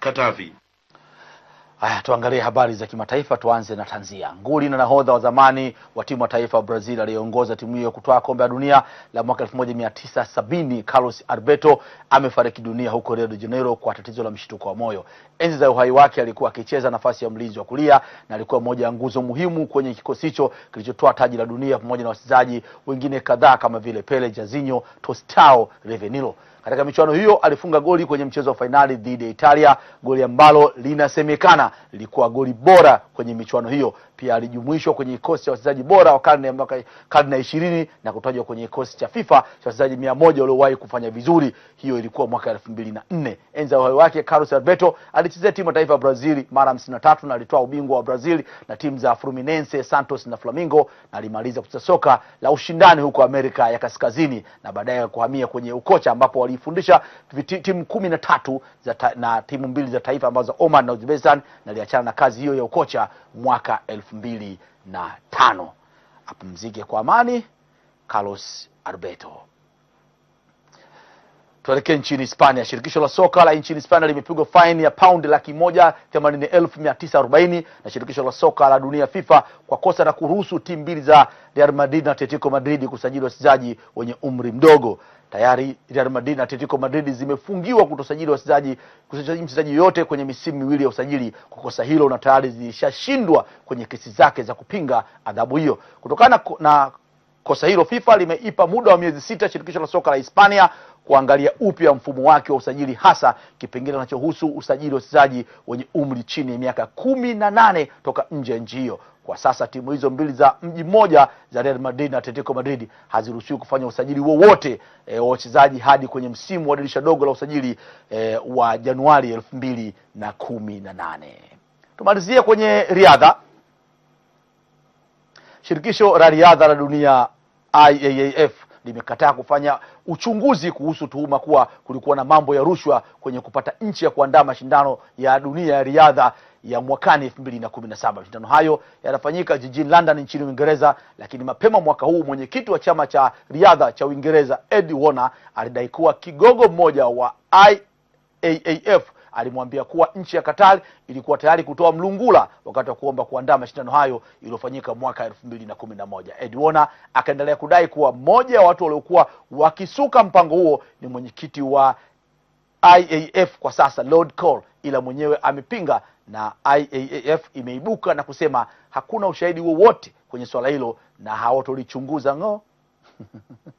Gaddafi Haya, tuangalie habari za kimataifa. Tuanze na tanzia. Nguli na nahodha wa zamani wa timu ya taifa wa Brazil aliyeongoza timu hiyo kutwaa kombe la dunia la mwaka 1970 Carlos Alberto amefariki dunia huko Rio de Janeiro kwa tatizo la mshituko wa moyo. Enzi za uhai wake alikuwa akicheza nafasi ya mlinzi wa kulia na alikuwa moja ya nguzo muhimu kwenye kikosi hicho kilichotoa taji la dunia pamoja na wachezaji wengine kadhaa kama vile Pele, Jazinho, Tostao, Rivelino. Katika michuano hiyo alifunga goli kwenye mchezo wa fainali dhidi ya Italia, goli ambalo linasemekana ilikuwa goli bora kwenye michuano hiyo. Pia alijumuishwa kwenye kikosi cha wachezaji bora wa karne ya ishirini na kutajwa kwenye kikosi cha FIFA cha wachezaji mia moja waliowahi kufanya vizuri. Hiyo ilikuwa mwaka elfu mbili na nne. Enzi ya uhai wake Carlos Alberto alichezea timu ya taifa ya Brazil mara hamsini na tatu na alitoa ubingwa wa Brazil na timu za Fluminense, Santos na flamingo na alimaliza kucheza soka la ushindani huko Amerika ya Kaskazini na baadaye kuhamia kwenye ukocha ambapo walifundisha timu kumi na tatu za ta, na timu mbili za taifa ambazo Oman na Uzbekistan na aliachana na kazi hiyo ya ukocha mwaka elfu mbili na tano. Apumzike kwa amani Carlos Alberto. Tuelekee nchini Hispania. Shirikisho la soka la nchini Hispania limepigwa faini ya paundi laki moja themanini elfu mia tisa arobaini na shirikisho la soka la dunia FIFA kwa kosa la kuruhusu timu mbili za Real Madrid na Atletico Madrid kusajili wachezaji wenye umri mdogo. Tayari Real Madrid na Atletico Madrid zimefungiwa kutosajili wachezaji kusajili mchezaji yoyote kwenye misimu miwili ya usajili kwa kosa hilo, na tayari zilishashindwa kwenye kesi zake za kupinga adhabu hiyo kutokana na Kosa hilo FIFA limeipa muda wa miezi sita shirikisho la soka la Hispania kuangalia upya mfumo wake wa usajili, hasa kipengele kinachohusu usajili wa wachezaji wenye umri chini ya miaka kumi na nane toka nje ya nchi hiyo. Kwa sasa timu hizo mbili za mji mmoja za Real Madrid na Atletico Madrid haziruhusiwi kufanya usajili wowote e, wa wachezaji hadi kwenye msimu wa dirisha dogo la usajili e, wa Januari elfu mbili na kumi na nane. Tumalizie kwenye riadha. Shirikisho la riadha la dunia IAAF limekataa kufanya uchunguzi kuhusu tuhuma kuwa kulikuwa na mambo ya rushwa kwenye kupata nchi ya kuandaa mashindano ya dunia ya riadha ya mwakani elfu mbili na kumi na saba. Mashindano hayo yanafanyika jijini London nchini Uingereza, lakini mapema mwaka huu mwenyekiti wa chama cha riadha cha Uingereza Ed Warner alidai kuwa kigogo mmoja wa IAAF alimwambia kuwa nchi ya Katari ilikuwa tayari kutoa mlungula wakati wa kuomba kuandaa mashindano hayo yaliyofanyika mwaka elfu mbili na kumi na moja. Edwona akaendelea kudai kuwa moja ya watu waliokuwa wakisuka mpango huo ni mwenyekiti wa IAF kwa sasa Lord Cole, ila mwenyewe amepinga na IAAF imeibuka na kusema hakuna ushahidi wowote kwenye swala hilo na hawatolichunguza ng'o